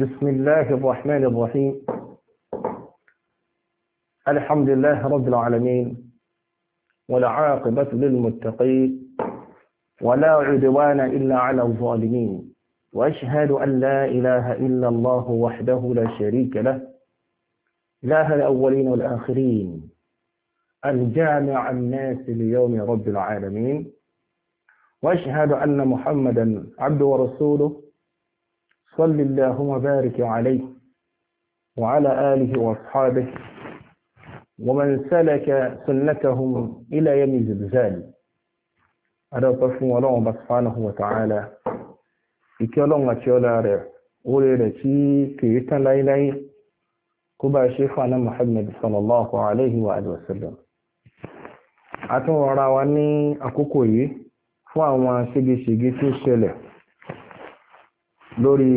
بسم الله الرحمن الرحيم الحمد لله رب العالمين والعاقبة للمتقين ولا عدوان إلا على الظالمين وأشهد أن لا إله إلا الله وحده لا شريك له إله الأولين والآخرين الجامع الناس ليوم رب العالمين وأشهد أن محمدا عبده ورسوله صل اللهم بارك عليه وعلى آله وأصحابه ومن سلك سنتهم إلى يوم الزلزال أدى طفل الله سبحانه وتعالى إكي الله أتيولا أولي كي يتنى إليه كبا شيخنا محمد صلى الله عليه وآله وسلم أتوارا واني أكوكوي فأما شيخي شيخي شيخي lórí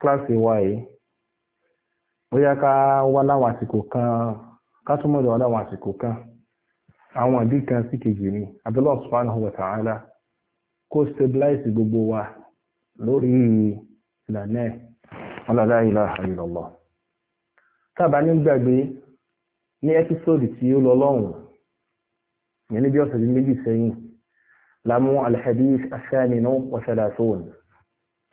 kíláàsì wa yìí bóyá ká wá láwọn àsìkò kan ká túnmọ̀ lọ láwọn àsìkò kan àwọn ìdí kan sí kejì ni subhanahu wa ta'ala kó stabilize gbogbo wa lórí ìlànà ọlọ́lá ilaha illallah tábà ní gbàgbé ní ẹ́písòdì tí ó lọ lọ́hùn yẹn ní bí ọ̀sẹ̀ méjì sẹ́yìn lámú alhadith asáninú wa thalathun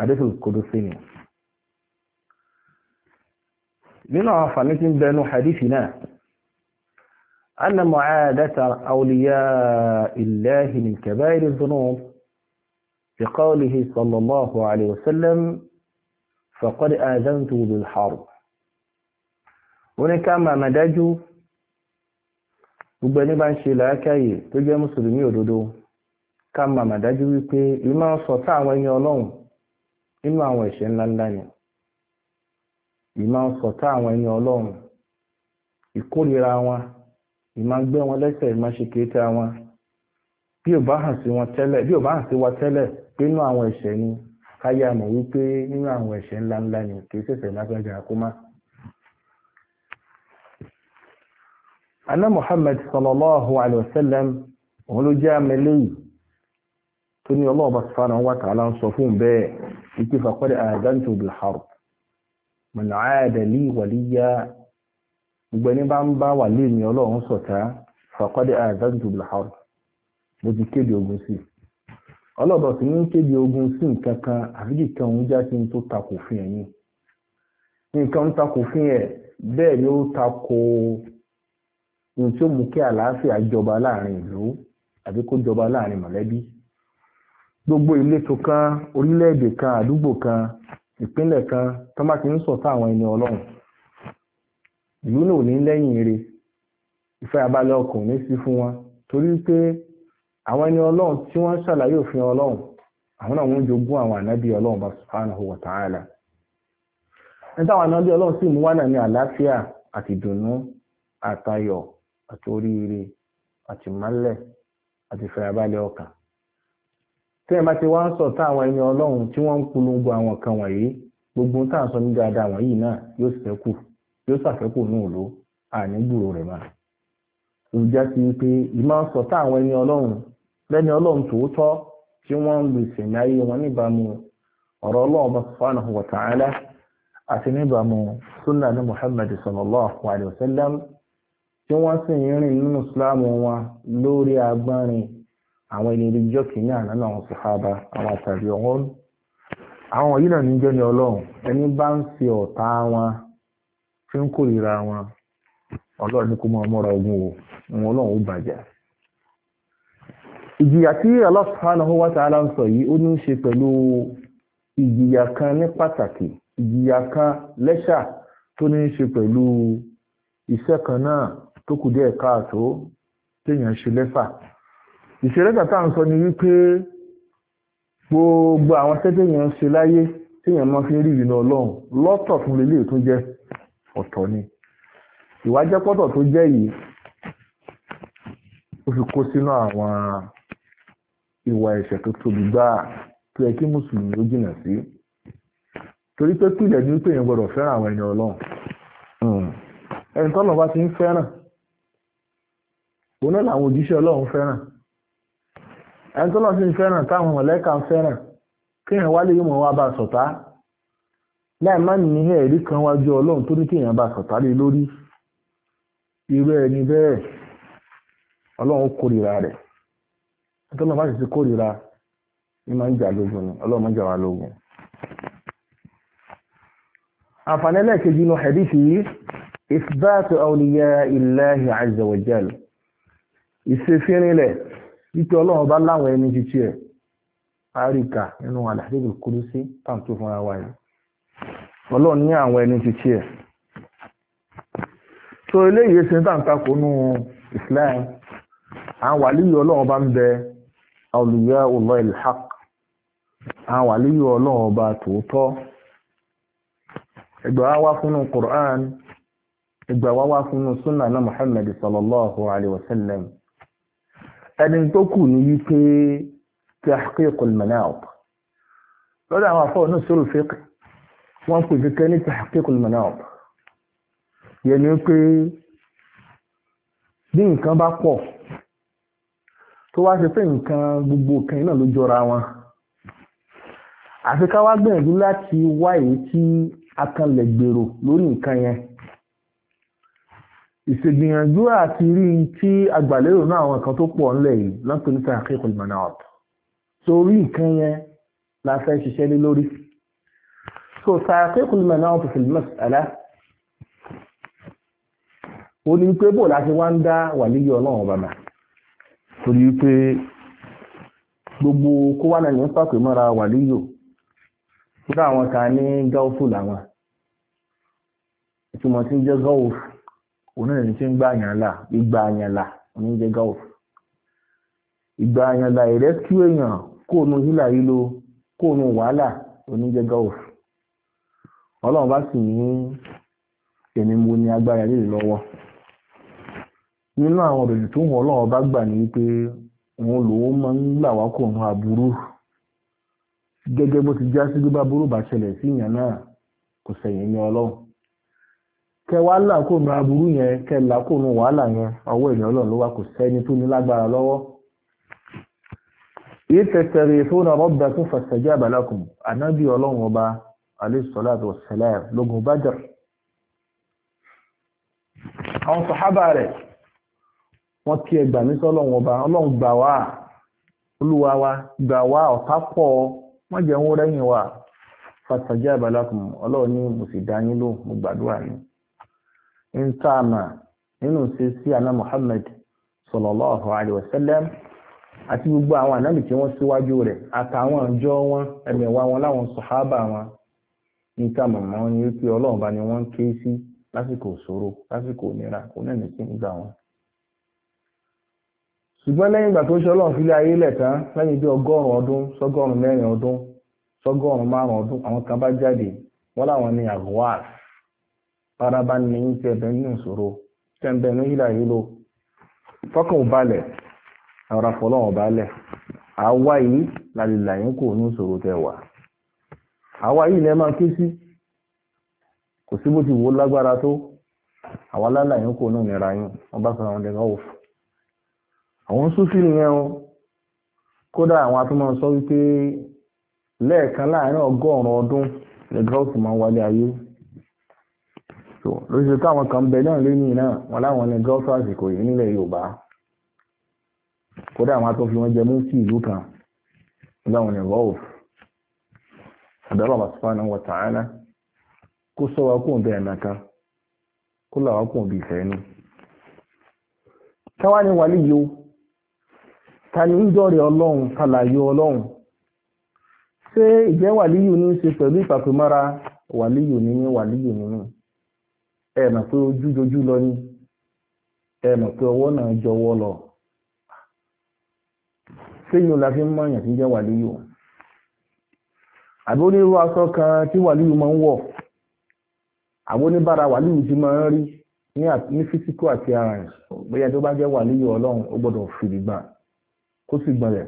àdéhùn kòdòsí ni nínú àwọn àǹfààní tí ń bẹnu hadithi náà أن معادة أولياء الله من كبائر الذنوب بقوله صلى الله عليه وسلم فقد آذنته بالحرب oníká máa máa dájú gbogbo ẹni bá ń ṣe làákàyè tó jẹ́ mùsùlùmí òdodo ká máa máa dájú wípé ìmọ̀ sọ̀tá àwọn ẹni ọlọ́run nínú àwọn ẹ̀ṣẹ̀ ńláńlá ni ìmá ń sọ̀tá àwọn ẹni ọlọ́run ìkórira wọn ìmá gbé wọn lẹ́sẹ̀ ìmá ṣe kéétà wọn bí ò bá hàn sí wọn tẹ́lẹ̀ bí ò bá hàn sí wa tẹ́lẹ̀ pé nínú àwọn ẹ̀ṣẹ̀ ni káyà mọ̀ wípé nínú àwọn ẹ̀ṣẹ̀ ńláńlá ni kì í ṣẹ̀ṣẹ̀ lágbájá àkómá. aná Muhammad sallallahu alayhi wa sallam òun ló jẹ́ àmì tó ní ọlọ́ọ̀bá subhanahu wa ta'ala ń sọ fún bẹ́ẹ̀ wípé faqad aadantu bil harb man 'aada li waliya gbogbo ẹni bá ń bá wà lé mi ọlọ́run sọ̀tá faqad aadantu bil harb ti kéde ogun sí ọlọ́ọ̀bá sì ní ogun si nǹkan kan ni ó tí ó mú kí àlàáfíà jọba láàrin ìlú àbí kó gbogbo ìletò kan orílẹ̀-èdè kan àdúgbò kan ìpínlẹ̀ kan tó bá ti ń sọ̀tá àwọn ẹni ọlọ́run ìlú náà ní lẹ́yìn ire ìfẹ́abalẹ̀ ọkàn ní sí fún wọn torí pé àwọn ẹni ọlọ́run tí wọ́n ṣàlàyé òfin ọlọ́run àwọn náà wọ́n jogún àwọn ànábì ọlọ́run bá ànábì ọlọ́run sì mú náà ní àlàáfíà àti ìdùnnú àtayọ̀ àti oríire tí ẹ bá ti wá ń sọ tá àwọn ẹni ọlọ́run tí wọ́n ń polongo àwọn kan wọ̀nyí gbogbo tá à ń sọ ní dáadáa wọ̀nyí náà yóò ṣẹ́kù yóò ṣàfẹ́kù ní òòló àní gbúrò rẹ̀ mà. ìjà sí pé ìmọ̀ sọ tá àwọn ẹni ọlọ́run lẹ́ni ọlọ́run tòótọ́ tí wọ́n ń lu ìsẹ̀mí ayé wọn níbàámu ọ̀rọ̀ ọlọ́run subhanahu àti níbàámu ní sallallahu alayhi wa tí wọ́n sì ń rìn nínú Islam lórí agbárin àwọn ẹni ilé kìíní àná àwọn àwọn àtàrí ọ̀hún àwọn yìí náà níjọ́ ní ọlọ́run ẹni bá ń ṣe ọ̀tá wọn tí ń kórìíra wọn ọlọ́run ní kó máa mọ́ra ogun o wọn ọlọ́run ó bàjẹ́ ìjìyà tí Allah subhanahu wa ń sọ ìjìyà kan ní pàtàkì ìjìyà kan lẹ́ṣà tó ní í ṣe ìṣeré tàtà ń sọ ni wípé gbogbo àwọn tẹ́tẹ́ yẹn ṣe láyé tí èèyàn máa fi rí ìrìnà ọlọ́run lọ́tọ̀ fún lélẹ̀ tó jẹ́ ọ̀tọ̀ ni ìwájẹ́pọ̀tọ̀ tó jẹ́ yìí ó fi kó sínú àwọn ìwà ẹ̀ṣẹ̀ tó tóbi gbáà tó yẹ kí mùsùlùmí ó jìnà sí torí pé kílẹ̀ ní pé èèyàn gbọ́dọ̀ fẹ́ràn àwọn ẹni ọlọ́run hmm. ẹni tọ́lọ́ bá ti ń fẹ́ràn òun náà làwọn òjíṣẹ́ ọlọ́run fẹ́ràn ẹni tó lọ́sìn fẹ́ràn táwọn mọ̀lẹ́kà ń fẹ́ràn kéèyàn wálé yóò mọ̀ wá bá sọ̀tá láì má ní ẹ̀rí kan wájú ọlọ́run tó ní kéèyàn bá sọ̀tá lé lórí irú ẹni bẹ́ẹ̀ ọlọ́run kórìíra rẹ̀ ẹni tó lọ́ bá sì ti kórìíra ní máa ń jà lógun ni ọlọ́run máa ń jà wá lógun. àǹfààní ẹlẹ́ẹ̀kejì inú hadithi yìí isbatu awliya illahi azza wípé ọlọ́run bá láwọn ẹni títí ẹ̀ àríkà nínú àlàyé kúrú sí pàǹtó fúnra wa yìí ọlọ́run ní àwọn ẹni títí ẹ̀ so eléyìí ṣe tàǹtàkò nù Islam àwọn wàlíyìí ọlọ́run bá ń bẹ awliya Allah al-haq àwọn wàlíyìí ọlọ́run ọba tòótọ́ ẹgbà wá wá fúnnú Qur'an ẹgbà wá wá fúnnú sunnah na Muhammad sallallahu alayhi wa sallam ẹni tó kù ní wípé tahqiq al-manat lọ́dọ̀ àwọn afọ́ náà sọ́rọ̀ fẹ́kẹ̀ wọ́n pè kẹ́kẹ́ ní tahqiq al-manat yẹn ni pé bí nǹkan bá pọ̀ tó wá ṣe pé nǹkan gbogbo kan náà ló jọra wọn àfi gbìyànjú láti wá tí a kan lè gbèrò lórí nǹkan yẹn ìṣègbìyànjú àti rí n tí agbàlérò náà àwọn nǹkan tó pọ̀ ńlẹ̀ yìí lọ́pẹ́ ní tahqiqul manat torí nǹkan yẹn la fẹ́ ṣiṣẹ́ lé lórí so tahqiqul manat fil mas'ala ó ní pé bò láti wá ń dá wàlíyé ọlọ́run bàbà torí pé gbogbo kó wà lẹ́yìn pàpè mọ́ra wàlíyò nígbà àwọn ta ní gáúfù làwọn ìtumọ̀ tí ń jẹ́ gáúfù òun náà ní tí ń gbà yàn là ìgbà yàn là ní jẹ́ gáwò ìgbà yàn là ìrẹ́síkú èèyàn kó nu hílà wàhálà bá sì ní èmi mo ní agbára lè lọ́wọ́ nínú àwọn òròyìn tó hàn ọlọ́run bá gbà ní pé òun lòun máa ń gbà wá nu ti já sí bá burú bá ṣẹlẹ̀ sí ìyàn náà kò ní kẹwàá làkó nu aburú yẹn kẹ làkó nu wàhálà yẹn ọwọ́ ènìyàn Ọlọ́run ló wà kò sẹ́ni tó ní lágbára lọ́wọ́. yastaghithuna rabbakum fastajaba lakum ànábì Ọlọ́run ọba alayhi salatu wassalam lógun Badr. àwọn sàhábà rẹ̀ wọ́n kí ẹgbà mí sọ Ọlọ́run ọba Ọlọ́run gbà wá olúwa wa gbà wá ọ̀tá pọ̀ wọ́n jẹ́ ń wó rẹ́yìn wa fastajaba lakum Ọlọ́run ní mo sì dá yín lóhùn mo gbàdúrà yín. ń tá a mà nínú ṣe sí àná Muhammad sallallahu alaihi wasallam gbogbo awọn ànábì wọn siwaju re ata awọn àjọ wọn emewa wọn láwọn sọ̀hábà wọn ní tá a mọ̀ mọ́ ni wọn ọlọ́run bá ni wọ́n ń ké sí lásìkò ìṣòro wọn ṣùgbọ́n lẹ́yìn ìgbà tó ṣe ọlọ́run fílé ayé lẹ́yìn bí ọgọ́rùn-ún ọdún sọ́gọ́rùn-ún mẹ́rin ọdún sọ́gọ́rùn ara bá ní ní ti ẹ̀bẹ̀ nínú ìṣòro tẹ́ǹbẹ̀ ní yílà yílò tọ́kàn ò balẹ̀ ara fọlọ́run balẹ̀ àwa yìí làlìlà kò ní ìṣòro tẹ wà yìí ké sí kò sí bó ti wò lágbára tó àwa lálà kò ní ìnira yín wọn bá sọ̀rọ̀ àwọn òfò àwọn súnfì nìyẹn o kódà àwọn atúmọ̀ sọ wípé lẹ́ẹ̀kan láàárín ọgọ́rùn-ún ọdún máa wálé so lóṣù táwọn kan bẹ náà lónìí náà wọn láwọn ní gọ́ọ̀sù àsìkò yìí nílẹ̀ yorùbá kódà àwọn atọ́ fi wọ́n jẹ mú sí ìlú kan láwọn ní gọ́ọ̀f àdọ́lọ́bà subhanahu wa ta'ala kó sọ wa kóun bẹ́ẹ̀ nàka kó làwọn kóun bí ìfẹ́ nù táwa ni wàlíyó ta ni ń jọ́rẹ̀ ọlọ́run kàlàyé ọlọ́run ṣé ìjẹ́ wàlíyò ní í ṣe pẹ̀lú ìfàpémọ́ra wàlíyò nínú wàlíyò nínú ẹ mọ̀ pé ojú dojú lọ ni ẹ mọ̀ pé ọwọ́ náà jọwọ́ lọ séyìn la fi ń mọ̀yàn tí jẹ́ wàlíyù àbí onírú aṣọ kan tí wàlíyù máa ń wọ̀ àbí oníbàárà wàlíyù ti máa ń rí ní físíkò àti aràn bóyá tó bá jẹ́ wàlíyù ọlọ́run ó gbọ́dọ̀ fìdígbà kó sì gbọ́nlẹ̀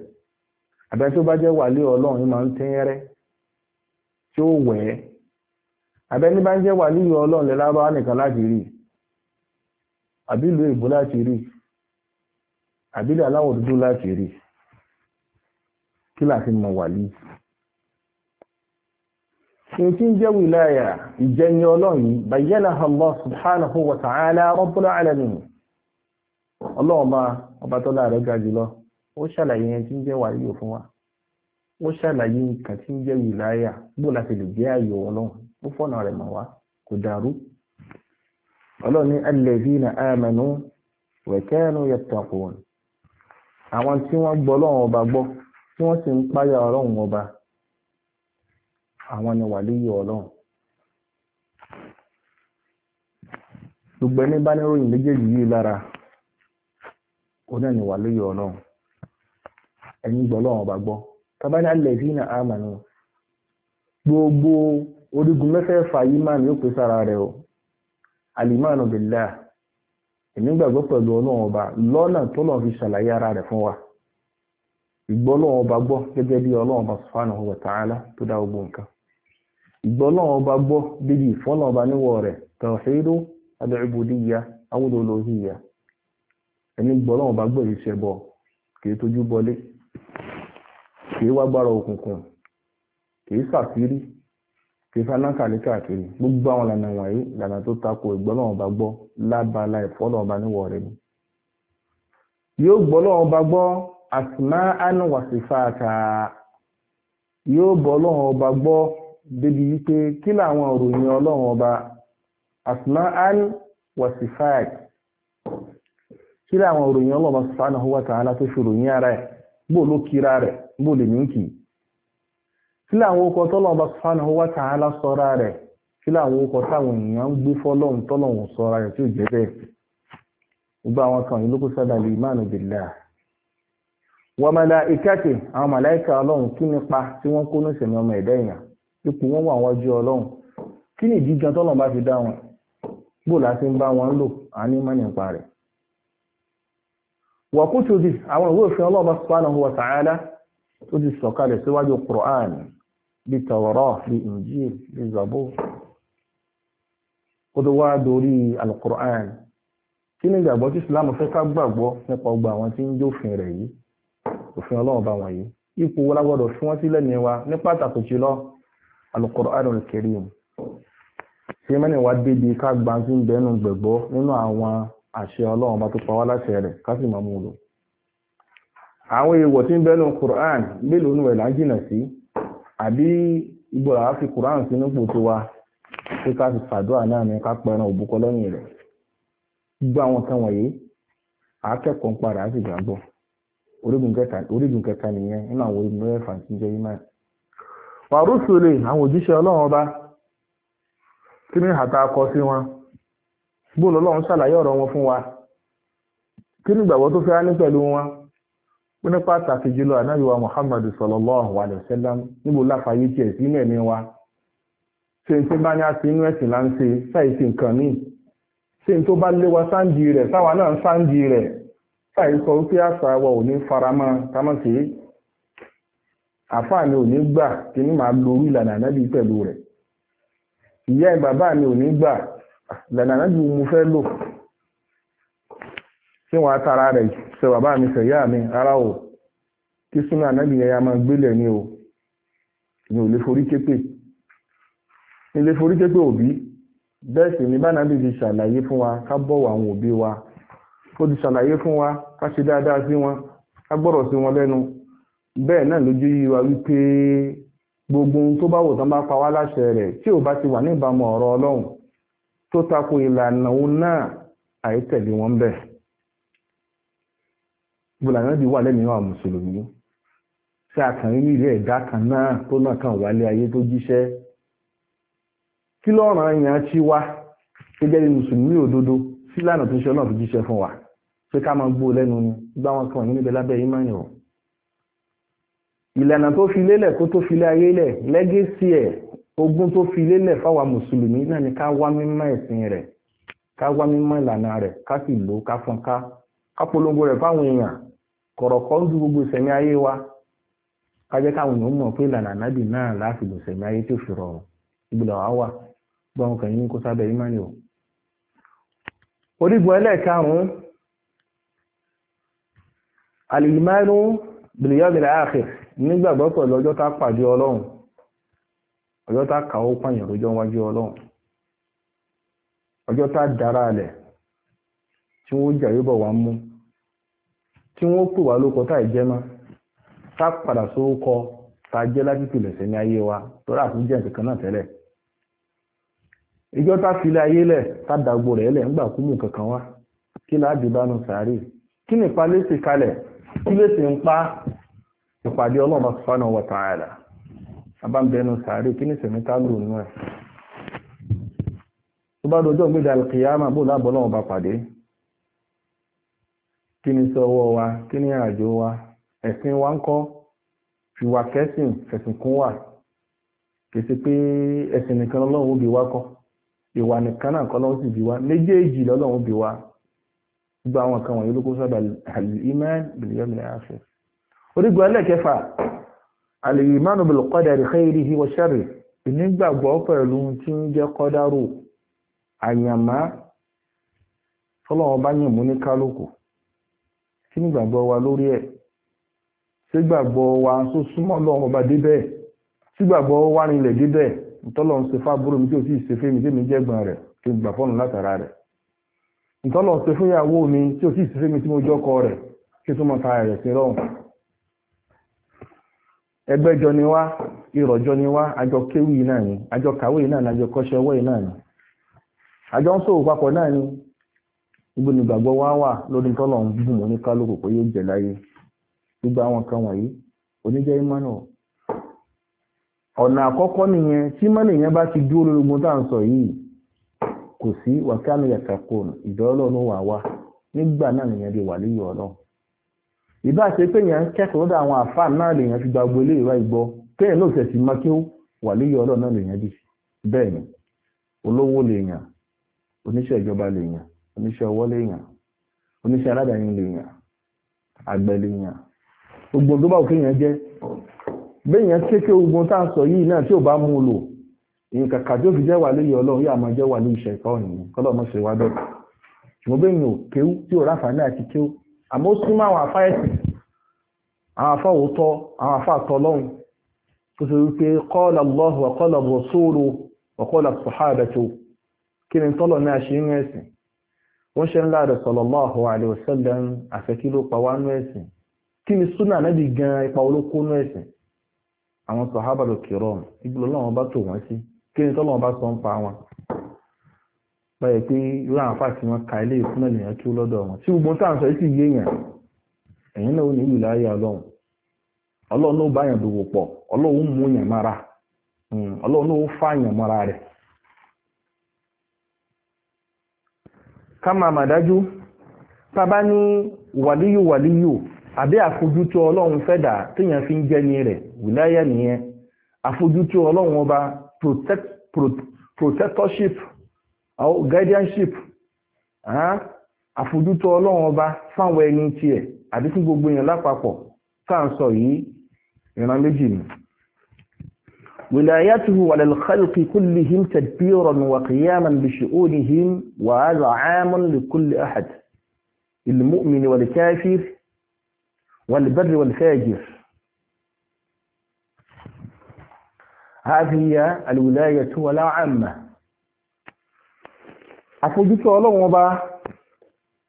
àbẹ́ tó bá jẹ́ wàlíyù ọlọ́run yìí máa ń tẹ́yẹ́rẹ́ tí ó wẹ̀ abẹ́ni bá ń jẹ́ wà nílùú ọlọ́run lẹ́lábáwá nìkan láti rí àbí ìlú láti rí àbí aláwọ̀ dúdú láti rí kí láti mọ̀ wà ní. in tí ń jẹ́ wìláyà ìjẹni bayyana subhanahu wa ta'ala ọba tó láàrẹ ga jùlọ ó ṣàlàyé yẹn tí ń jẹ́ wà wa ó ṣàlàyé nǹkan tí ń jẹ́ wìláyà fọ́nà fọ̀nà rẹ̀ mọ̀ wá kò dàrú ọlọ́run ní alladhina amanu wa kanu yattaqun àwọn tí wọ́n gbọ́ ọba gbọ́ tí wọ́n sì ń páyà ọlọ́run ọba àwọn ni wàlíyé ọlọ́run gbogbo ẹni bá méjèèjì yìí lára onáà ni ọlọ́run ẹni gbọ́ ọba gbọ́ gbogbo orígun mẹ́fẹ́ yìí máa pèsè rẹ̀ o alimanu billah èmi gbàgbọ́ pẹ̀lú ọlọ́run ọba lọ́nà tó lọ́n fi ṣàlàyé ara rẹ̀ fún wa ìgbọ́ ọlọ́run ọba gbọ́ gẹ́gẹ́ bí ọlọ́run ọba sọfánà wa tó dá nǹkan ìgbọ́ ọlọ́run ọba gbọ́ bíbí ọba níwọ̀ rẹ̀ gbọ́ ọlọ́run ọba gbọ́ yìí tifanaka í fáláńkà gbogbo àwọn ìlànà wọ̀nyí ìlànà tó tako ìgbọ́lọ́wọ́n bá gbọ́ lábala ìfọ́lọ́wọ́n bá níwọ̀ rẹ̀ ni. yóò gbọ́lọ́wọ́n bá gbọ́ àsìmá ánúwàsífàtà yóò bọ́lọ́wọ́n bá gbọ́ débi wípé kí làwọn òròyìn ọlọ́wọ́n bá àsìmá ánúwàsífàtà kí làwọn òròyìn ọlọ́wọ́n bá subhanahu wa ta'ala tó ṣòro yín ara bó ló rẹ̀ bó lè kí làwọn okọ̀ tọ́lọ̀ bá subhanahu wa ta'ala sọ́ra rẹ̀ kí làwọn okọ̀ táwọn èèyàn gbé fọ́lọ́hún tọ́lọ̀hún sọ́ra rẹ̀ tí ò jẹ́ bẹ́ẹ̀ gbogbo àwọn kan yìí ló kó sábà lè wa àwọn màláìka ọlọ́run kí tí wọn wà ọlọ́run kí ni dá wọn ń bá wọn lò wa bí tọ̀rọ̀ bí injil bí zọ̀bọ̀ ó tó wá dorí alukur'an kí ni ìgbàgbọ́ tí islam fẹ́ ká gbàgbọ́ nípa ọgbà àwọn tí ń jófin rẹ̀ yìí òfin ọlọ́run bá wọ̀nyí ipò wo la gbọ́dọ̀ fi wọ́n sílẹ̀ ní wa ní pàtàkì jùlọ alukur'anul karim ṣe mẹ́rin wá débi ká gba tí ń bẹnu gbẹ̀gbọ́ nínú àwọn àṣẹ ọlọ́run bá tó pa wá láṣẹ rẹ̀ ká sì máa mú un lò àwọn èèwọ̀ tí ń bẹnu qur'an mélòó nù ẹ̀ là sí àbí ìgbọ̀rọ̀ á fi kùránù sí nípò tó wa pé ká fi fàdúrà náà ní ká òbúkọ lẹ́yìn rẹ̀ gbogbo àwọn kan wọ̀nyí akẹ́kọ̀ọ́ ń padà á sì orígun kẹta nìyẹn nínú àwọn orígun mẹ́fà ń jẹ́ imáà wàrúsùlè àwọn òjíṣẹ́ ọlọ́run ọba tí akọ sí wọn bóòlù ọlọ́run ṣàlàyé ọ̀rọ̀ wọn fún wa kí nígbàgbọ́ tó fẹ́ á ní pẹ̀lú wọn ó ní pàtàkì jùlọ ànábì wa muhammadu sallallahu alayhi wa sallam níbo láfààyè tiẹ̀ sí inú ẹ̀mí wa ṣe n tí bá ní àti inú ẹ̀sìn là ń ṣe ṣáì sí nǹkan míì ṣe n tó bá léwa sáǹdì rẹ̀ sáwa náà sáǹdì rẹ̀ ṣáì sọ wípé àṣà wa ò ní faramọ́ tamọ́sí àfáà mi ò ní gbà kí ni màá lo orí ìlànà ànábì pẹ̀lú rẹ̀ ìyá ẹ̀ bàbá mi ò ní gbà ìlànà ànábì mo fẹ́ lò ṣé wọ́n á tara rẹ̀ ṣe bàbá mi ṣe ìyá mi ara o kí súnà ànábì yẹn máa gbélẹ̀ ni o mi ò lè forí képè mi lè forí képè òbí bẹ́ẹ̀ sì ni bánàbì ti ṣàlàyé fún wa ká bọ̀wọ̀ àwọn òbí wa ó ti ṣàlàyé fún wa ká ṣe dáadáa sí wọn ká gbọ́rọ̀ sí wọn lẹ́nu bẹ́ẹ̀ náà lójú yí wa wípé gbogbo ohun tó bá wò tán bá pa wá láṣẹ rẹ̀ tí ò bá ti wà níbàámu ọ̀rọ̀ ọlọ́run tó tako ìlànà òun náà àìtẹ̀lé wọn bẹ́ẹ̀. gbọ́dọ̀ àwọn ẹbí wà lẹ́mìí àwọn mùsùlùmí tí a kàn rí ẹ̀dá kan náà tó náà kàn wálé ayé tó jíṣẹ́ kí lọ́ràn èèyàn ti wá gẹ́gẹ́ bí mùsùlùmí òdodo sílànà tó ṣe náà fi jíṣẹ́ fún wa pé ká máa lẹ́nu ni gbá wọn kan lábẹ́ yìí máa yàn ìlànà tó fi lélẹ̀ kó tó fi lé ayé lẹ̀ lẹ́gẹ́sì ẹ̀ tó fi lélẹ̀ ni ká wá mímọ́ ẹ̀sìn rẹ̀ ká wá mímọ́ ìlànà rẹ̀ ká sì lò ká ká ká polongo rẹ̀ fáwọn èèyàn kọ̀rọ̀kọ́ ju gbogbo ìsẹ̀mí ayé wa kájẹ́ káwọn èèyàn mọ̀ pé ìlànà ànábì náà láti lò sẹ̀mí ayé tí ò fi rọrùn ìgbìlọ̀ wa wà gbọ́n kàn yín kó sábẹ́ ìmánì o. orígun ẹlẹ́ẹ̀karùn-ún alìmánu bìlíọ̀mìlà ààfẹ́ nígbàgbọ́ pẹ̀lú ọjọ́ tá pàdé ọlọ́run ọjọ́ tá kà ó pààyàn lójọ́ wájú ọlọ́run ọjọ́ tá dára alẹ̀ tí wọ́n jà yóò bọ̀ wá mú tí wọ́n pè wá lóko tá ìjẹ́ mọ́ ká padà sórúkọ ta a jẹ́ lájútù lẹ̀sẹ̀ ní ayé wa lọ́rọ̀ àtúnjẹ́ nǹkan náà tẹ́lẹ̀ ìjọ tá filẹ̀ ayé lẹ̀ ta dàgbò rẹ̀ lẹ̀ ńgbà kú mú kankan wá kí láàdì bá nu sàárè kí lè kalẹ̀ kí ń pa ìpàdé sàárè kí ni sẹ̀mí lò nínú kí ni sọ ọwọ́ wa kí ni àjò wa ẹ̀sìn wa ń kọ́ fìwà kẹ́sìn fẹ̀sìn kún wà kì í ṣe pé ẹ̀sìn nìkan lọ́lọ́run ó bí wa kọ́ ìwà nìkan náà kọ́ lọ́wọ́ sì bí wa méjèèjì lọ́lọ́run ó bí wa gbogbo àwọn kan wọ̀nyí ló kó sábà al-iman bil-yawmil orígun ẹlẹ́kẹfà al-imanu bil-qadari khayrihi wa sharrihi ìnígbàgbọ́ pẹ̀lú tí ń jẹ́ kọ́dárò àyàmá fọlọ́wọ́n bá yàn mú ní kálukú kí ni ìgbàgbọ́ wa lórí ẹ̀ ṣé gbàgbọ́ wa tó súnmọ́ lọ́wọ́ ọba débẹ̀ ṣé gbàgbọ́ wa rinlẹ̀ débẹ̀ ntọ́lọ́ ń ṣe fábúrò mi tí ò sì ṣe fẹ́ mi tí mi jẹ́ gbọ́n rẹ̀ kí n gbà fọ́nù látara rẹ̀ ntọ́lọ́ ń ṣe fún ìyàwó mi tí mi tí mo jọ́kọ rẹ̀ kí tó ta sí gbogbo nígbàgbọ́ wa wà lórí tọ́lọ̀ ń bùn ní kálukú pé yóò jẹ láyé gbogbo àwọn kan wọ̀nyí oníjẹ́ ìmọ̀nà ọ̀nà àkọ́kọ́ nìyẹn tí mọ́nà yẹn bá ti dúró lórí ogun tá à ń sọ yìí kò sí wà wá nígbà náà nìyẹn wà ọ̀nà ìbá ṣe pé yẹn ń kẹ́kọ̀ọ́ lọ́dọ̀ àwọn àfáà wà náà lèyàn bẹ́ẹ̀ ni olówó lèyàn oníṣẹ́ ìjọba lèyàn oníṣẹ́ ọwọ́ lèèyàn oníṣẹ́ aládàáyìn lèèyàn àgbẹ̀ lèèyàn gbogbo tó bá òkèèyàn jẹ́ béèyàn kéèké ogun tá a sọ yìí náà tí ò bá mú un lò èyí kàkà tí ó fi jẹ́ wà lóye ọlọ́run yóò máa jẹ́ wà ní iṣẹ́ ìkọ́ ọ̀nìyàn kọ́lọ́ mọ́ ṣe wá dọ́tà ṣùgbọ́n béèyàn ò kéwú tí ò ráfààní àti kéwú àmọ́ ó súnmọ́ àwọn afá ẹ̀sìn àwọn afá òótọ́ àwọn afá àtọ́lọ́run tó ṣe wípé qala Allahu wa qala rasuluhu wa qala as-sahabatu kí ni tọ́lọ̀ náà ṣe ń ẹ̀sìn wọ́n ṣe ńlá rẹ̀ sallallahu alaihi wasallam àfẹ́kí ló pa wá nú ẹ̀sìn kí ni súnà náà di gan ipa olóko nú àwọn sàhábà ló kìrọ̀ ibi lọ́wọ́ bá tò kí ni bá sọ ń pa wọn báyẹ̀ pé irú àwọn afá wọ́n ka ilé ìfúnà lèèyàn lọ́dọ̀ wọn tí gbogbo táwọn sọ bá yàn kama máa mà dájú bàbá ní wàlíyù wàlíyù àbí àfojútó ọlọ́run fẹ́dà téèyàn fi ń jẹ́ ní rẹ̀ wìláyà nìyẹn àfojútó ọlọ́run protect protectorship au guardianship àfojútó ọlọ́run ọba fáwọn ẹni tiẹ̀ àbí fún gbogbo èèyàn lápapọ̀ tá à ń sọ yìí ìran méjì ni. ولايته على الخلق كلهم تدبيرا وقياما بشؤونهم وهذا عام لكل أحد المؤمن والكافر والبر والفاجر هذه هي الولاية ولا عامة أفوجت الله ọba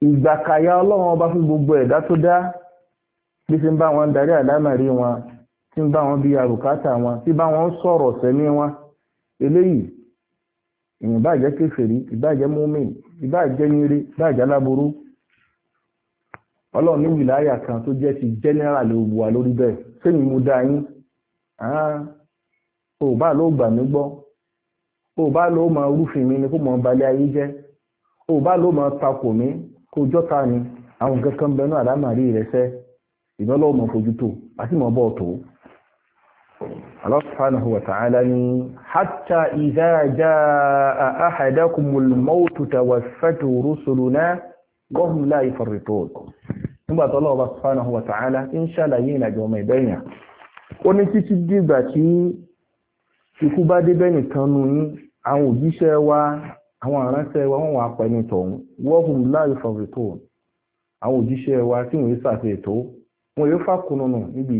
إذا ọlọ́run الله fún في ẹ̀dá tó تدا بسم الله ń bá wọn darí tí ń bá wọn bí àrùkátà wọn tí bá wọn sọ̀rọ̀ sẹ́ni wọn eléyìí èèyàn bá jẹ́ kèfèrí ìbá jẹ́ mùmín ìbá jẹ́ nyere ìbá jẹ́ aláboró ọlọ́run ní wìláyà kan tó jẹ́ ti general òwò lórí bẹ́ẹ̀ sẹ́yìn mo dá yín o bá ló gbà mí gbọ́ o bá ló mọ orúfin mi ni kó mọ balẹ̀ ayé jẹ́ o bá ló mọ takò mí kó jọ́ta ni àwọn kankan bẹnu àlámàrí rẹ̀ sẹ́ ìbẹ́lọ́ọ̀mọ̀ fojú tó àti mọ̀ bọ́ọ̀ tó. Allah subhanahu wa ta'ala ni hatta idha jaa ahadakumul mautu tawaffatu rusuluna wa hum la yufarritun nígbà tó Allah subhanahu wa ta'ala in ṣàlàyé ìrìnàjò ọmọ ìbẹ̀yàn ó ní títí dìgbà tí ikú bá dé bẹ́ẹ̀ nìkan nu yín àwọn òjíṣẹ́ wa àwọn aránṣẹ́ wa wọ́n wà pẹ̀lú tọ̀hún wa hum la àwọn òjíṣẹ́ wa tí wọ́n yóò ṣàfihàn níbi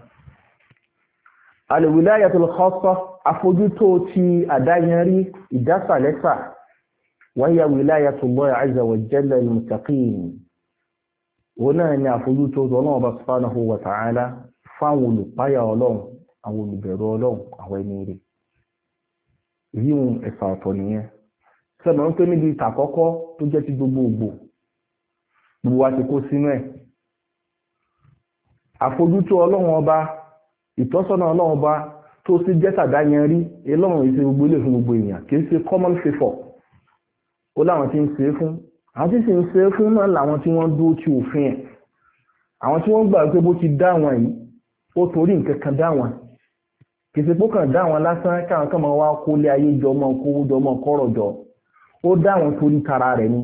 alìwìláyàtò kọ́sọ́ afojútó ti àdáyẹnrí ìdásàlẹ́sà wọ́n yà wìláyàtò lọ́yà àìzàwọ̀ jẹ́lẹ̀ ìmùtàkìn òun náà ni àfojútó ọlọ́run ọba subhanahu wa ta'ala fáwọn olùpáyà ọlọ́run àwọn olùbẹ̀rù ọlọ́run àwọn ẹni rẹ̀ yíwọn ẹ̀fà ọ̀tọ̀ nìyẹn sẹ́mi ń pé níbi ìtàkọ́kọ́ tó jẹ́ ti gbogbogbò gbogbo wa ti kó sínú ẹ̀ àfojútó ọlọ́run ọba ìtọ́sọ́nà ọlọ́run bá tó sì jẹ́ sàdáyẹn rí ẹlọ́run ìṣe gbogbo ilé fún gbogbo èèyàn kì í ṣe common favour ó láwọn tí ń ṣe é fún àwọn tí sì ń ṣe é fún náà làwọn tí wọ́n dúró ti òfin ẹ̀ àwọn tí wọ́n gbà pé bó ti dá wọn yìí ó torí nǹkan kan dá wọn kì í ṣe pé kàn dá wọn lásán káwọn kan máa wá kólé ayé jọ mọ kówó jọ mọ kọ́rọ̀ jọ ó dá wọn torí tara rẹ̀ ni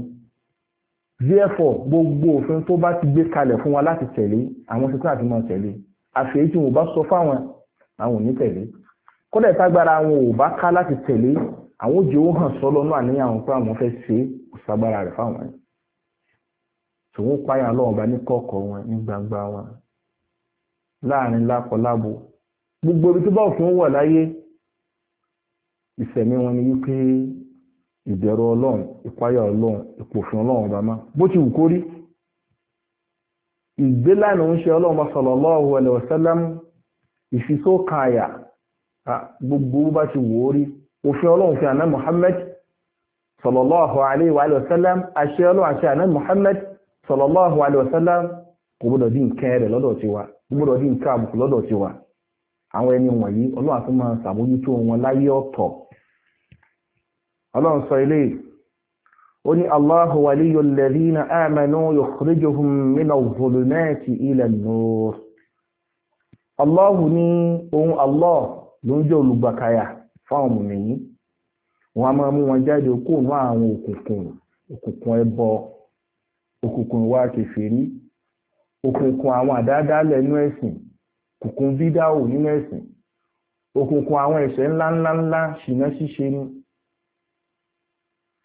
therefore gbogbo òfin tó bá ti gbé kalẹ̀ fún wa láti tẹ̀lé àwọn tuntun àti máa tẹ̀lé àfihàn tí wọ́n bá sọ fáwọn àwọn ò ní tẹ̀lé kódà ìtagbára àwọn ò bá ká láti tẹ̀lé àwọn òjò ó hàn sọ lọ́nà àníyàn àwọn pé àwọn fẹ́ ṣe òṣàgbára rẹ̀ fáwọn ẹ̀ tòun páyà lọ́wọ́ bá ní kọ̀ọ̀kọ̀ wọn ní gbangba wọn láàrin lápọ̀lábo gbogbo ibi tó bá òfin wà láyé ìsẹ̀mí wọn ni wípé ìbẹ̀rù ọlọ́run ìpáyà ọlọ́run ìpòfin ọlọ́run ọba má bó ti wù kó ìgbélànà ń ṣe ọlọ́run sallallahu alaihi wasallam ìfisókàyà gbogbo bá ti wò ó rí òfin ọlọ́run fi àná Muhammad sallallahu alaihi wasallam àṣẹ ọlọ́run àṣẹ àná Muhammad sallallahu alaihi wasallam kò gbọ́dọ̀ dín nǹkan rẹ̀ lọ́dọ̀ tiwa kò gbọ́dọ̀ dín nǹkan àbùkù lọ́dọ̀ tiwa àwọn ẹni wọ̀nyí ọlọ́run àti máa ṣàmójútó wọn láyé ọ̀tọ̀ ọlọ́run sọ eléyìí ó ní Allahu waliyul ladhina amanu yukhrijuhum nur Allahu ohun Allah ló ń jẹ́ olùgbàkàyà fáwọn mùmìnì wọ́n a máa mú wọn jáde kóònú àwọn òkùnkùn òkùnkùn ẹbọ òkùnkùn ìwà kèfèrí òkùnkùn àwọn àdáadáalẹ̀ nínú ẹ̀sìn nínú òkùnkùn àwọn ṣìnà ṣíṣe ni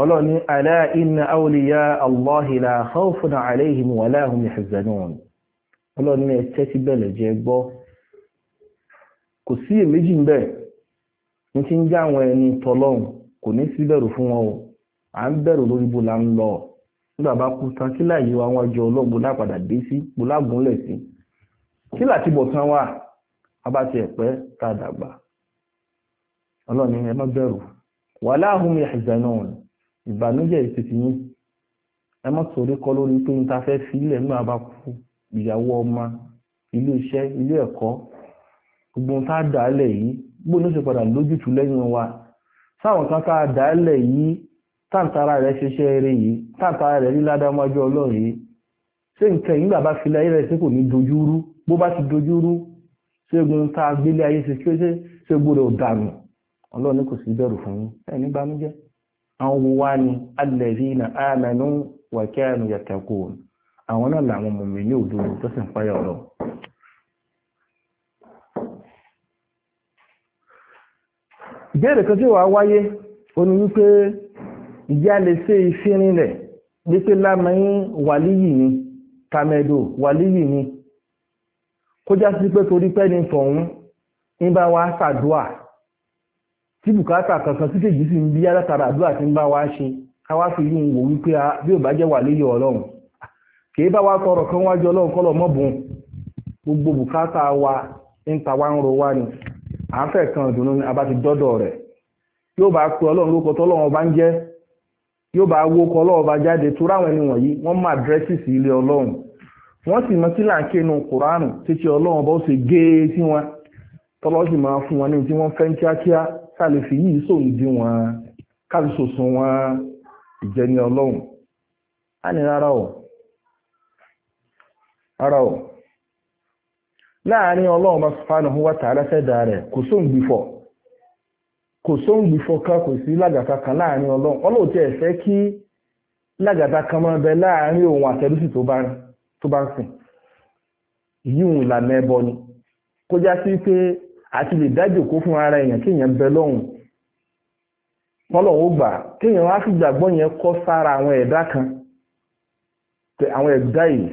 ọlọ́run ní alā inna awliyā Allāhi lā khawfun 'alayhim wa lā hum ọlọ́run ní ẹ̀tẹ́ ti bẹ̀rẹ̀ jẹ gbọ́ kò sí èméjì ń bẹ̀ ní ti ń já ẹni tọlọ́run kò ní sí bẹ̀rù fún wọn o ń bẹ̀rù lórí ń lọ kú tán kí wa jọ ọlọ́gbọ́n a bá ti ẹ̀pẹ́ tá a dàgbà ọlọ́run ní ẹ má bẹ̀rù ìbànújẹ́ ìsìtì yín ẹ má sọ̀rọ̀ kọ́ lórí pé n ta fẹ́ fi ilẹ̀ nígbà bá kú ìyàwó ọmọ ilé iṣẹ́ ilé ẹ̀kọ́ gbogbo tá a dàálẹ̀ yìí bó ní ó ṣe padà lójútùú lẹ́yìn wa sáwọn kan tá a dàálẹ̀ yìí táǹtara rẹ̀ ṣiṣẹ́ eré yìí táǹtara rẹ̀ líládámájú ọlọ́run yìí ṣé nǹkan yìí bàbá fi láyé rẹ̀ sí kò ní dojúrú bó bá ti dojúrú ṣégun tá a gbélé ayé ṣe kí ó ṣe ṣe gbọ́dọ̀ dànù ọlọ́run ní kò sí bẹ̀rù fún yín ẹ̀ nígbà nújẹ́ àwọn wá ní alladhina amanu wa kanu yattaqun àwọn náà làwọn mùmínì òdodo tó sì ń páyà ọ̀rọ̀ ìbéèrè kan tí wàá wáyé ó ní wípé ìyá lè ṣe ìfirinlẹ̀ wípé lámẹ́yìn wàlíyì ni tàmẹ̀dò wàlíyì ni kó já pé torí pẹ́ni tọ̀hún ń bá wa ṣàdúà tí bùkátà kankan tí tèjì sì ń bí alátara àdúrà tí ń bá wa ṣe káwá fi yí wò wípé bí ò bá jẹ́ wà léyìn ọlọ́run kì bá wa tọrọ kan wájú ọlọ́run kọ́lọ̀ mọ́bùn gbogbo bùkátà wa ń ta wá ń ro wá ni à ń fẹ́ kan ìdùnnú ni a bá ti dọ́dọ̀ rẹ̀ yóò bá pe ọlọ́run lóko tọ́lọ́run ọba ń jẹ́ yóò bá wó kọ ọlọ́run ọba jáde tó ráwọn ẹni wọ̀nyí wọ́n mọ àdírẹ́sì sí ilé ọlọ́run wọ́n sì mọ sí làǹkì inú kùránù títí ọlọ́run ọba ó sì gé e sí wọn tọ́lọ́ sì máa fún wọn ní tí wọ́n fẹ́ kíákíá sáàlè fi yìí sóhun dí wọn káfí soso wọn ìjẹni ọlọ́run á ní rárá o rárá o láàrin ọlọ́run bá subhanahu wa tààrá fẹ́dà rẹ̀ kò sóhun gbìfọ̀ kò sóhun gbìfọ̀ kan kò sí lágàtà kan láàrin ọlọ́run ọlọ́run tí ẹ̀ fẹ́ kí lágàtà kan máa bẹ láàrin òun àtẹ̀lùsì tó bá ń sìn yíhun ìlànà ẹbọ ni kó já sí pé àti lè dájòkó fún ara èèyàn kéèyàn bẹ lọ́hùn kọ́lọ̀hún ó gbà kéèyàn wá fìgbàgbọ́ yẹn kọ́ sára àwọn ẹ̀dá kan pé àwọn ẹ̀dá yìí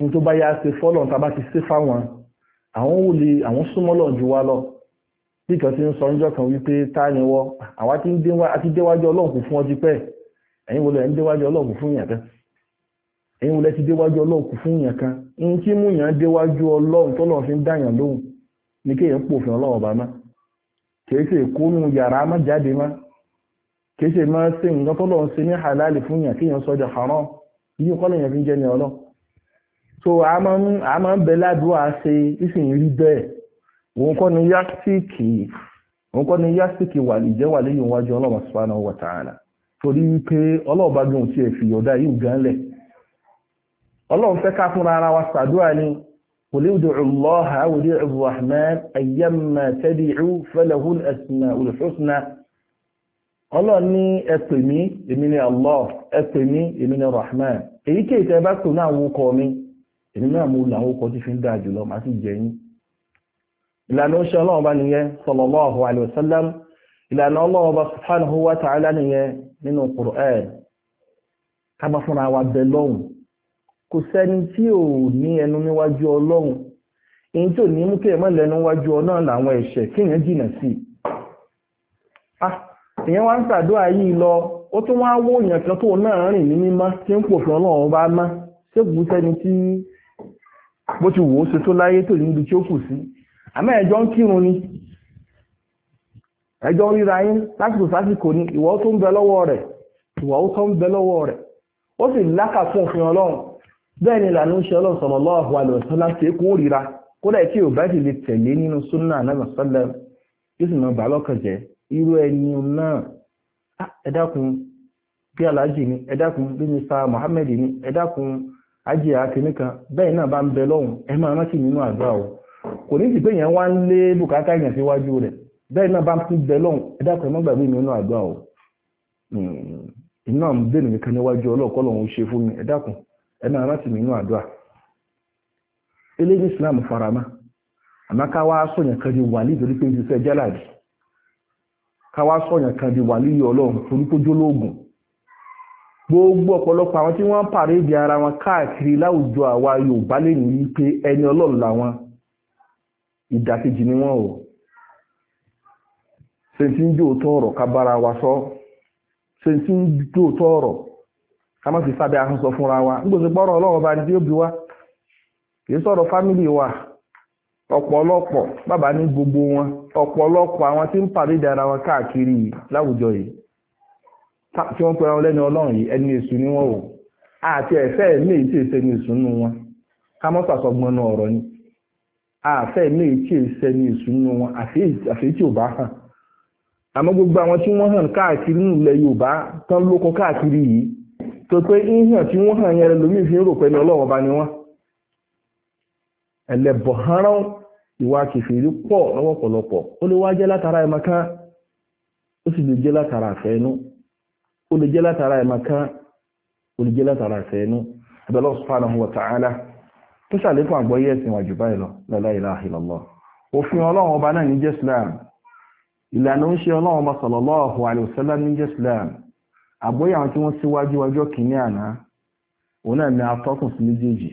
ní tó bá yá ṣe fọ́lọ̀ tá bá ti ṣe fáwọn àwọn ò lè àwọn súnmọ́ ju wa lọ bí kan ti ń sọ níjọ́ kan wípé tá ni wọ́ àwa ti ń déwájú ọlọ́run kò fún ọ ti pẹ́ ẹ̀yin wo lẹ̀ ń déwájú ọlọ́run fún yàn kan ẹ̀yin wo lẹ̀ ti déwájú ọlọ́run fún yàn kan ní kí mú yàn déwájú ọlọ́run tọ́lọ́run fi ń dáyàn lóhùn ní kí èyàn pòfin ọlọ́wọ́ bá má kìí ṣe ìkónú yàrá má jáde má kìí ṣe má sí nǹkan tó lọ́n ṣe ní halali fún yàn kí èyàn sọ́jà haram yíò kọ́ lèyàn fi ń jẹ́ ní ọlọ́ so a máa ń bẹ ládùúgbò ṣe ìsìn rí bẹ́ẹ̀ òun kọ́ ni yásíkì òun kọ́ ni yásíkì wà lè jẹ́ wà lẹ́yìn iwájú ọlọ́wọ́ torí wípé ọlọ́wọ́ bá gbóhùn tí ẹ fi yọ̀dá yìí fẹ́ ká fúnra ara wa قل ادعوا الله او ادعوا الرحمن ايما تدعوا فله الاسماء الحسنى ọlọ́run ní ẹ pè mí èmi ni allah ẹ pè mí èmi ni rahman èyíkéyìí tẹ́ bá pè náà wúkọ mi èmi náà mú làwọn ọkọ̀ tí fi ń dáa jùlọ máa sì jẹ yín ìlànà oṣù ọlọ́run bá nìyẹn sallallahu alaihi wasallam ìlànà ọlọ́run bá subhanahu wa ta'ala nìyẹn nínú qur'an ká bá fúnra wa bẹ lọ́hùn kò sẹ́ni tí ò ní ẹnu níwájú ọlọ́run èyí tí ní mú mọ́ lẹ́nu làwọn ẹ̀ṣẹ̀ kí sí ah, wá ń ṣàdúrà yìí lọ ó tún wá wó èèyàn kan tó náà rìn ní mímọ́ tí ń pòfin ọlọ́run bá mọ́ sẹ́ni tí bó ti wò ó ṣe tó láyé tó níbi tí ó kù sí àmọ́ ń ni ń yín lásìkò sásìkò bẹ́ẹ̀ ni lànà ṣe ọlọ́run sallallahu alaihi wasallam ṣe kó ríra kódà tí ò bá sì lè tẹ̀lé nínú súnà náà sọ́lẹ̀ yóò sì máa bà jẹ́ irú ẹni náà ẹ bí ni ẹ dákun a mr Muhammad ni ẹ ajé akínní kan bẹ́ẹ̀ náà bá ń bẹ lọ́hùn ẹ máa rántí nínú o kò ti pé yẹn wá ń lé o hmm, ń níwájú ṣe fún ẹ máa rántí mi inú àdúrà eléyìí Islam farama àmọ́ ká wá sọ̀yàn kan di wàlí torí pé ti fẹ́ jálàdì ká wá sọ̀yàn kan di wàlí ọlọ́run torí gbogbo ọ̀pọ̀lọpọ̀ àwọn tí wọ́n ń pàrédì ara wọn káàkiri láwùjọ àwa Yorùbá lè ní wípé ẹni ọlọ́run làwọn ìdàkejì ni wọ́n o ṣe ń jó tọ̀rọ̀ ká bára wa sọ ṣe ti ń jó tọ̀rọ̀ kama si fi sábẹ́ ahọ́n sọ fúnra wa nígbòsí pọ́rọ̀ ọlọ́run bá ní tí ó bí wá kì í sọ̀rọ̀ wa ọ̀pọ̀lọpọ̀ bàbá ní gbogbo wọn ọ̀pọ̀lọpọ̀ àwọn tí ń pàdédé ara wọn káàkiri láwùjọ yìí tí wọ́n pẹ̀rọ lẹ́ni ọlọ́run yìí ẹni èṣù ni wọ́n wò àti ẹ̀fẹ́ méjì tí èṣe ni èṣù nù wọn ká mọ́ sàsọgbọ́n nu ọ̀rọ̀ ni àfẹ́ méjì tí èṣe ni èṣù nù wọn àfi tí ò bá hàn àmọ́ gbogbo àwọn tí wọ́n hàn káàkiri nílẹ̀ Yorùbá tán lóko káàkiri yìí tó pé ìhàn nwa wọ́n hàn yẹn lómi fi ń rò pẹ̀lú ọlọ́run ọba ni wọ́n ẹlẹ́bọ̀ hánrán ìwà kìfìrí pọ̀ lọ́wọ́ ó lè wá jẹ́ látara ẹ̀mà ó sì lè jẹ́ látara àfẹ́ ó lè jẹ́ látara ẹ̀mà ó lè jẹ́ látara tó ṣàlékún ẹ̀sìn wàjú báyìí lọ àgbóyà àwọn tí wọ́n síwájú ọjọ́ kìíní àná òun náà ni atọ́kùn sí méjèèjì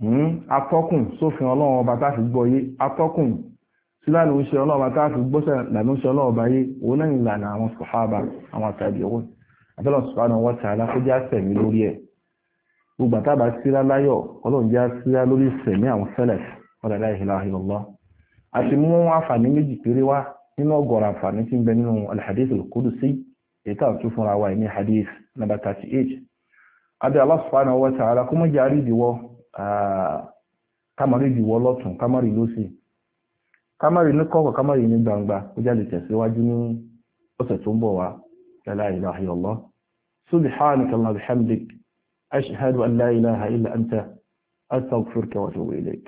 hmm? atọ́kùn sófin ọlọ́run ọba tá a fi gbọ́ yé atọ́kùn sílànà ń ṣe ọlọ́run ọba tá a fi gbọ́sẹ̀ lànà ń ṣe ọlọ́run ọba yé òun náà ni lànà àwọn sàhábà àwọn àtàbí ọwọ́ àtọ́lọ́ sọ̀hábà wọ́n ta alákójá sẹ̀mí lórí ẹ̀ gbogbo àtàbà síra láyọ̀ ọlọ́run já síra lórí sẹ̀mí la ilaha illallah àti mú àǹfààní méjì péré wá nínú ọgọ́rọ̀ àǹfààní ètà tún fúnra wa ní hadith number 38 adé Allah subhanahu wa ta'ala kó mọ́ jẹ́ àrídìwọ́ kámàrí ìdìwọ́ lọ́tún kámàrí lósì kámàrí ní kọ́kọ̀ kámàrí ní gbangba ó jáde tẹ̀síwájú ní ọ̀sẹ̀ tó ń bọ̀ wá la ilaha illallah subhanaka allahumma bihamdik ashhadu an la ilaha illa anta astaghfiruka wa atubu ilayk